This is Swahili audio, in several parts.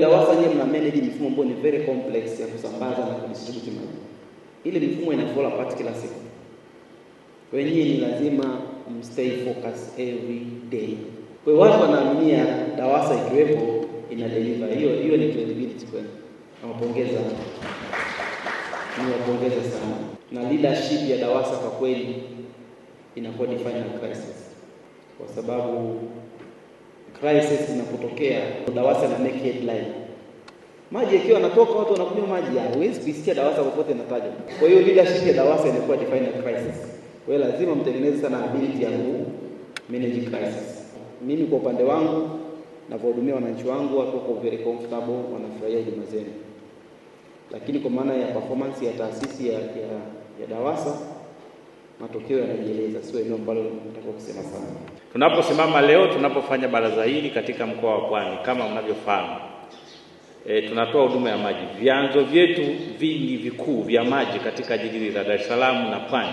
DAWASA nye mna manage mifumo ambayo ni very complex ya kusambaza na kudistribute maji. Ile mifumo ina fall kila siku. Wenyewe ni lazima mstay focus every day. Kwa watu wanaaminia DAWASA ikiwepo ina deliver. Hiyo hiyo ni credibility kwenu. Nawapongeza. Niwapongeza sana. Na leadership ya DAWASA kwa kweli inakuwa define crisis kwa sababu crisis inapotokea, DAWASA na make headline. Maji yakiwa yanatoka watu wanakunywa maji, ah, huwezi kuisikia DAWASA popote inatajwa. Kwa hiyo leadership ya DAWASA inakuwa defined as crisis. Kwa hiyo lazima mtengeneze sana ability ya ku manage crisis. Mimi kwa upande wangu na kuwahudumia wananchi wangu, watu wako very comfortable, wanafurahia huduma zenu, lakini kwa maana ya performance ya taasisi ya, ya, ya DAWASA matokeo yanajieleza, sio eneo ambalo nataka kusema sana. Tunaposimama leo tunapofanya baraza hili katika mkoa wa Pwani kama mnavyofahamu, e, tunatoa huduma ya maji. Vyanzo vyetu vingi vikuu vya maji katika jiji la Dar es Salaam na Pwani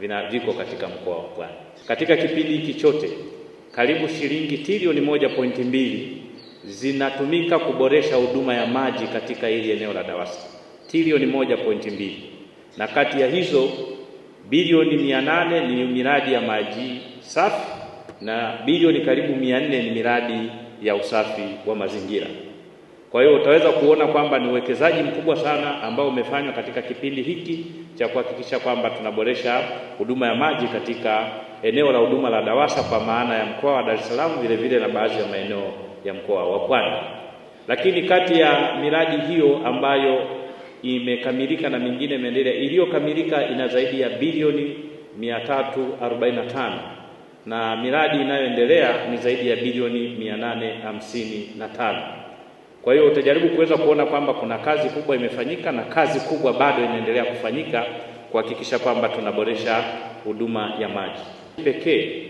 vina viko katika mkoa wa Pwani. Katika kipindi hiki chote karibu shilingi trilioni moja pointi mbili zinatumika kuboresha huduma ya maji katika hili eneo la DAWASA, trilioni moja pointi mbili, na kati ya hizo bilioni mia nane ni miradi ya maji safi na bilioni karibu mia nne ni miradi ya usafi wa mazingira. Kwa hiyo utaweza kuona kwamba ni uwekezaji mkubwa sana ambao umefanywa katika kipindi hiki cha kuhakikisha kwamba tunaboresha huduma ya maji katika eneo la huduma la DAWASA kwa maana ya mkoa wa Dar es Salaam, vile vile na baadhi ya maeneo ya mkoa wa Pwani. Lakini kati ya miradi hiyo ambayo imekamilika na mingine imeendelea, iliyokamilika ina zaidi ya bilioni 345 na miradi inayoendelea ni zaidi ya bilioni mia nane hamsini na tano. Kwa hiyo utajaribu kuweza kuona kwamba kuna kazi kubwa imefanyika na kazi kubwa bado inaendelea kufanyika kuhakikisha kwamba tunaboresha huduma ya maji. Pekee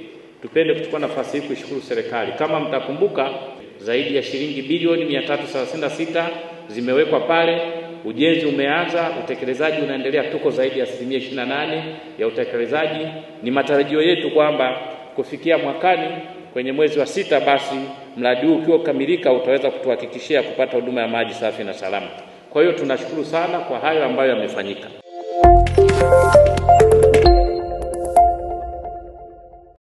tupende kuchukua nafasi hii kuishukuru serikali. Kama mtakumbuka, zaidi ya shilingi bilioni 336 zimewekwa pale, ujenzi umeanza, utekelezaji unaendelea, tuko zaidi ya asilimia 28 ya utekelezaji. Ni matarajio yetu kwamba kufikia mwakani kwenye mwezi wa sita, basi mradi huu ukiwa kamilika utaweza kutuhakikishia kupata huduma ya maji safi na salama. Kwa hiyo tunashukuru sana kwa hayo ambayo yamefanyika.